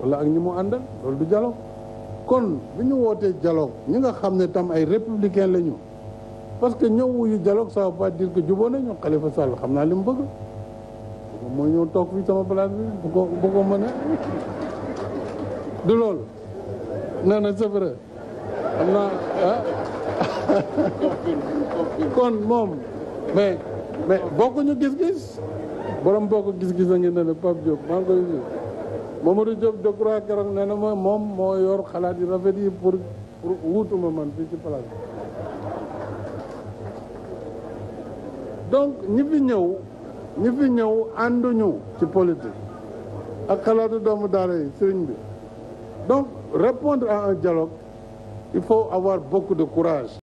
wala ak ñi mu àndal loolu du dialogue kon bu ñu wootee dialogue ñi nga xam ne tam ay républicain lañu parce que ñëw wuyu dialogue ça veut pas dire que jubóo nañu Khalifa Sall xam naa li mu bëgg mooy ñëw toog fii bi bu ko bu ko mën a ah. kon moom mais mais bokkuñu gis-gis borom bokk gis-gis a ngi ne ne Pape Diop Mamadou Diop Decroix keroog nee na mooy moom moo yor xalaat yi rafet yi pour pour man fii ci place donc ñi fi ñëw ñi fi ñëw ànduñu ci politique ak xalaatu doomu daara yi bi donc répondre à un dialogue il faut avoir beaucoup de courage